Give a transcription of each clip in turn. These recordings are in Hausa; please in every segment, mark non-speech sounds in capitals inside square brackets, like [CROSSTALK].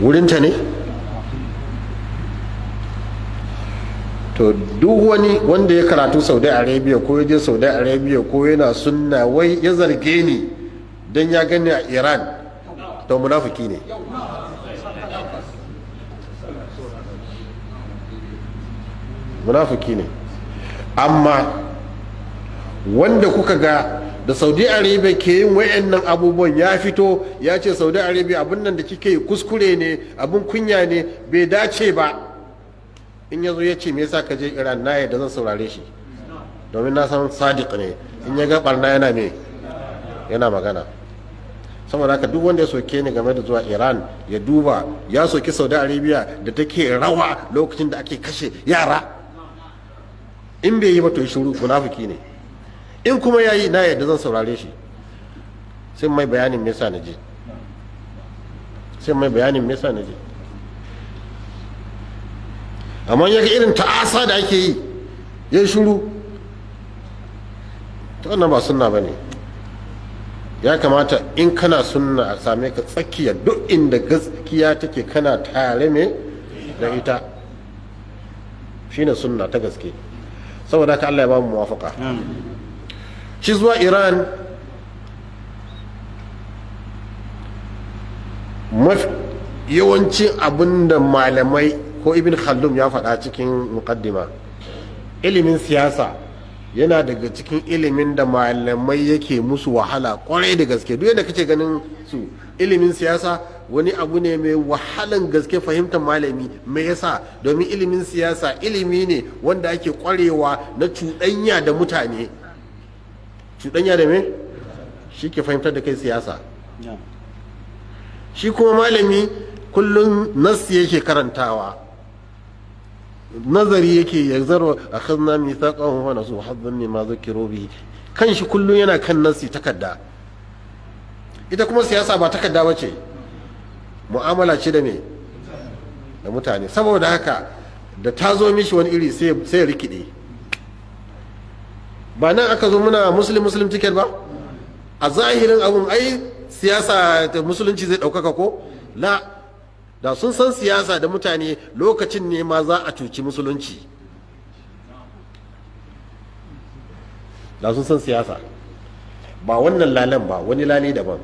wurinta ne to duk wani wanda ya karatu saudi arabia ko ya je saudi arabia ko yana sunna wai ya zarge ni don ya gani a iran to munafiki ne munafiki ne amma wanda kuka ga da saudi arabia ke yin wayannan abubuwan ya fito ya ce saudi arabia abin nan da kike kuskure ne abin kunya ne bai dace ba in ya zo ya ce me yasa ka je iran na yadda zan saurare shi domin na san sadiq ne in ya ga barna yana me yana magana saboda haka duk wanda ya soke ni game da zuwa iran ya duba ya soki saudi arabia da take rawa lokacin da ake kashe yara in bai yi ba to shuru munafiki ne in kuma ya yi na yadda zan saurare shi sai mai bayanin me yasa naje sai mai bayanin me yasa naje amma ya ga irin ta'asa da ake yi ya shuru ta wannan ba sunna ne ya kamata in kana sunna a same ka tsakiya duk inda gaskiya take kana tare me da ita shine sunna ta gaske saboda ka Allah ya ba mu muwafaka shi zuwa iran mafi yawancin abin da malamai ko ibn khaldun ya faɗa cikin mukaddima ilimin siyasa yana daga cikin ilimin da malamai yake musu wahala kwarai da gaske duk yadda kace ganin su ilimin siyasa wani abu ne mai wahalan gaske fahimtar malami me yasa domin ilimin siyasa ilimi ne wanda ake kwarewa na cuɗanya da mutane cuɗanya da me shi ke fahimtar da kai siyasa shi kuma malami kullum nassi yake karantawa nazari yake ya zaro a khazna mithaqahum wa nasu haddan ne ma zakiru bihi kan shi kullum yana kan nassi takarda ita kuma siyasa ba takarda bace mu'amala ce da me da mutane saboda haka da ta zo mishi wani iri sai rikide ba nan aka zo muna muslim muslim ticket ba a zahirin abun ai siyasa ta musulunci zai ɗaukaka ko la da sun san siyasa da mutane lokacin ne ma za a cuci musulunci da sun san siyasa ba wannan lalan ba wani lale daban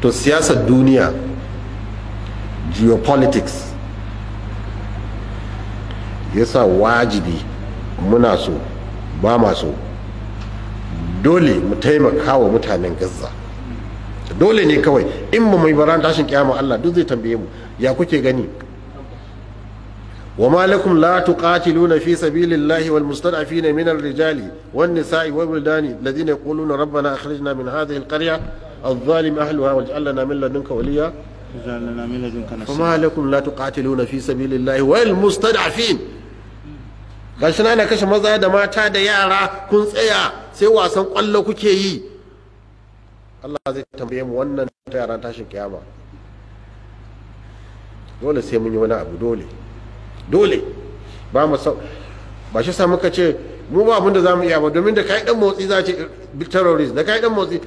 to siyasar duniya geopolitics yasa wajibi muna so ba ma so dole mu taimaka wa mutanen gaza dole ne kawai in ba mai baran tashin kiyama Allah duk zai tambaye mu ya kuke gani wa malakum la tuqatiluna fi sabilillahi wal mustad'afina min ar-rijali wan nisa'i wal wildani alladhina yaquluna rabbana akhrijna min hadhihi al-qarya adh-dhalim ahluha waj'al lana min ladunka waliya Kuma لنا من لدنك نصيرا na fi لا تقاتلون في سبيل gashi na ana kashe maza da mata da yara kun tsaya sai wasan kwallo kuke yi Allah zai tambaye mu wannan ta yaran tashin kiyama dole sai mun yi wani abu dole dole ba mu sau ba shi sa muka ce mu ba abin da za mu iya ba domin da ka yi dan motsi za ce terrorist da yi dan motsi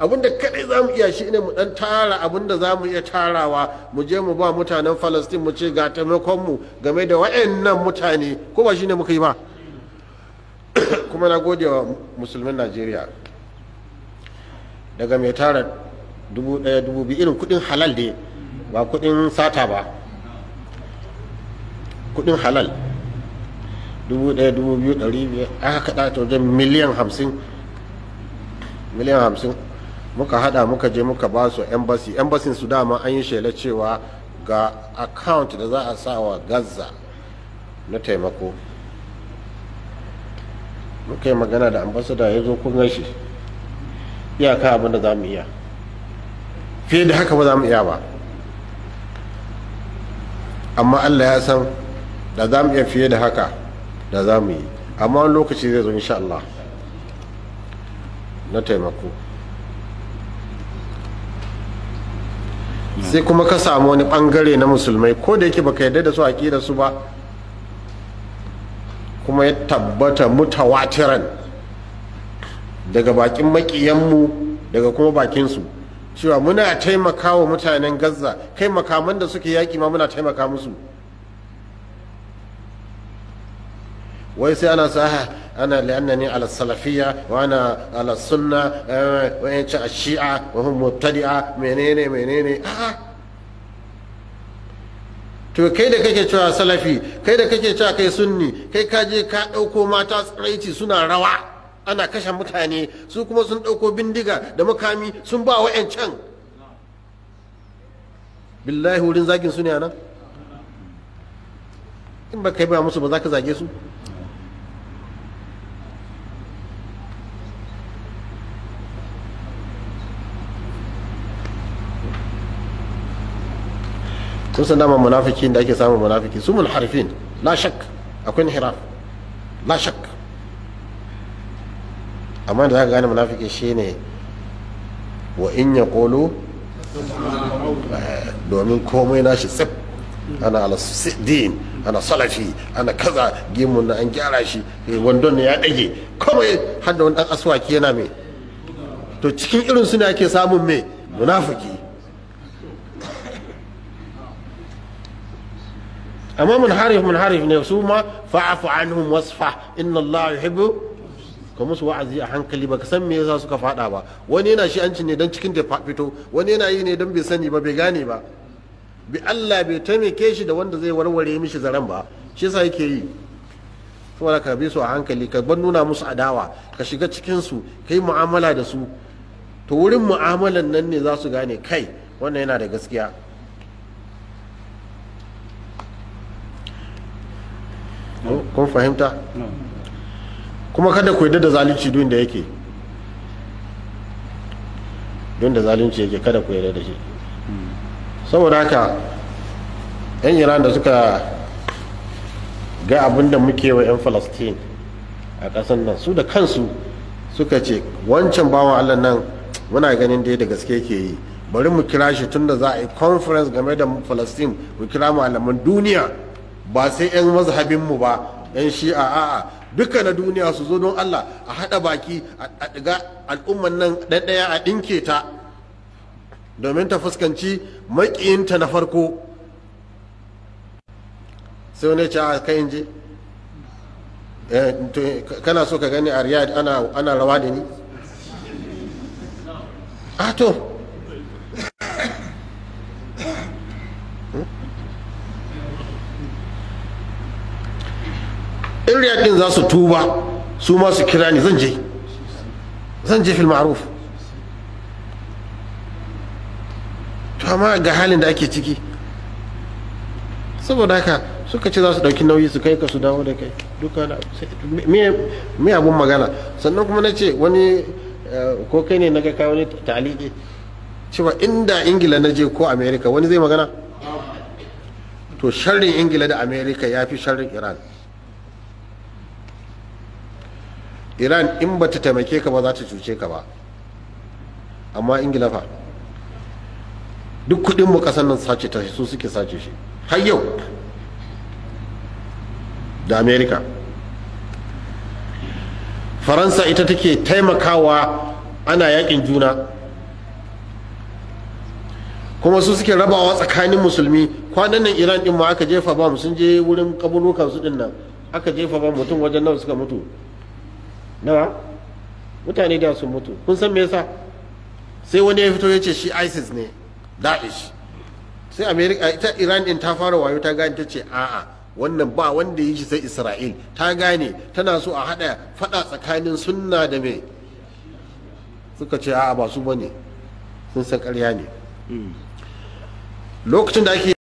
abinda kadai za mu iya shi ne mu dan tara abinda za mu iya tarawa mu je mu ba mutanen falastin mu ce ga taimakonmu game da nan mutane ko ba shi ne muka yi ba [COUGHS] kuma na gode wa musulmin najeriya daga mai tara dubu ɗaya dubu biyu irin kudin halal da ba kudin sata ba kudin halal dubu ɗaya dubu biyu dari biyar aka kaɗa ta wajen miliyan hamsin miliyan hamsin muka hada muka je muka ba su embassy embassy su dama an yi shela cewa ga account da za a sa wa gaza na taimako muka yi magana da ambasada ya zo kun shi iyaka abin da za mu iya fiye da haka ba za mu iya ba amma allah ya san da za mu iya fiye da haka da za mu yi amma wani lokaci zai zo insha Allah na taimako sai kuma ka samu wani bangare na musulmai ko da yake baka yarda da su a aqida su ba kuma ya tabbata mutawatiran daga bakin makiyanmu daga kuma bakin su cewa muna taimakawa mutanen Gaza kai makaman da suke yaki ma muna taimaka musu wai sai ana sa ana li'annani ala salafiyya wa ana ala sunna eh, wa ci a shi'a wa hum mubtadi'a menene menene to kai da kake cewa salafi kai da kake cewa kai sunni kai ka je ka ɗauko mata tsiraici suna rawa ana kashe mutane su kuma sun ɗauko bindiga da makami sun ba wa'yancan billahi wurin zagin su ne a in ba kai ba musu ba za ka zage su sun san dama munafiki da ake samun munafiki su harfin la shak akwai inhiraf la shak amma da zaka gane munafiki shine wa in yaqulu eh, domin komai nashi tsaf ana ala din ana salafi ana kaza gemun na an gyara shi eh, wandon ya dage komai har wani dan aswaki yana me to cikin irin su ne ake samun mai munafiki amma munharif munharif ne su ma fa'afu anhum wasfa inna allahu yuhibbu ka musu wa'azi a hankali ba ka san me yasa suka fada ba wani yana shi ci ne dan cikin da fito wani yana yi ne dan bai sani ba bai gane ba bi Allah bai taimake shi da wanda zai warware mishi zaren ba shi yasa yake yi saboda ka bi su a hankali ka ban nuna musu adawa ka shiga cikin su kai mu'amala da su to wurin mu'amalan nan ne za su gane kai wannan yana da gaskiya kun fahimta kuma kada ku yadda da zalunci duk da yake duk da zalunci yake kada ku yadda da shi hmm. saboda haka yan iran da suka ga abin da muke wa yan falastin a kasan nan su da kansu suka ce wancan bawan allah nan muna ganin dai da gaske ke yi bari mu kira shi tun da za a yi conference game da falastin mu kira malaman duniya ba sai 'yan mazhabinmu ba yan shi'a a'a duka na duniya su zo don Allah a haɗa baki a ɗiga al'umman nan ɗaya a ɗinke ta domin ta fuskanci maƙiyinta na farko sai wani ce a kai in je eh, kana so ka gani a riyad ana rawa da ni a to in riyad din za su tuba su ma su kira ni zan je zan je fil ma'ruf to amma ga halin da ake ciki saboda haka suka ce za su ɗauki nauyi su kai ka su dawo da kai duka da me abun magana sannan kuma na ce wani eh, ko kai ne na ga kawo ne cewa inda ingila na je ko america wani zai magana to sharrin ingila da america ya fi sharrin iran iran in ba ta taimake ka ba za ta cuce ka ba amma ingila fa duk kudin mu kasan nan sace ta su suke sace shi har yau da Amerika. faransa ita take taimakawa ana yakin juna kuma su suke rabawa tsakanin musulmi kwanan nan iran din ma aka jefa ba sun je wurin kaburukan su din nan aka jefa ba mutum wajen nawa suka mutu nawa mutane da sun mutu kun san me yasa sai wani ya fito ya ce shi isis ne da'ish sai america ita iran din ta fara wayo ta gane ta ce a'a wannan ba wanda yi shi sai isra'il ta gane tana so a hada fada tsakanin sunna da me suka ce a'a ba su bane sun san ƙarya ne hmm. lokacin da ake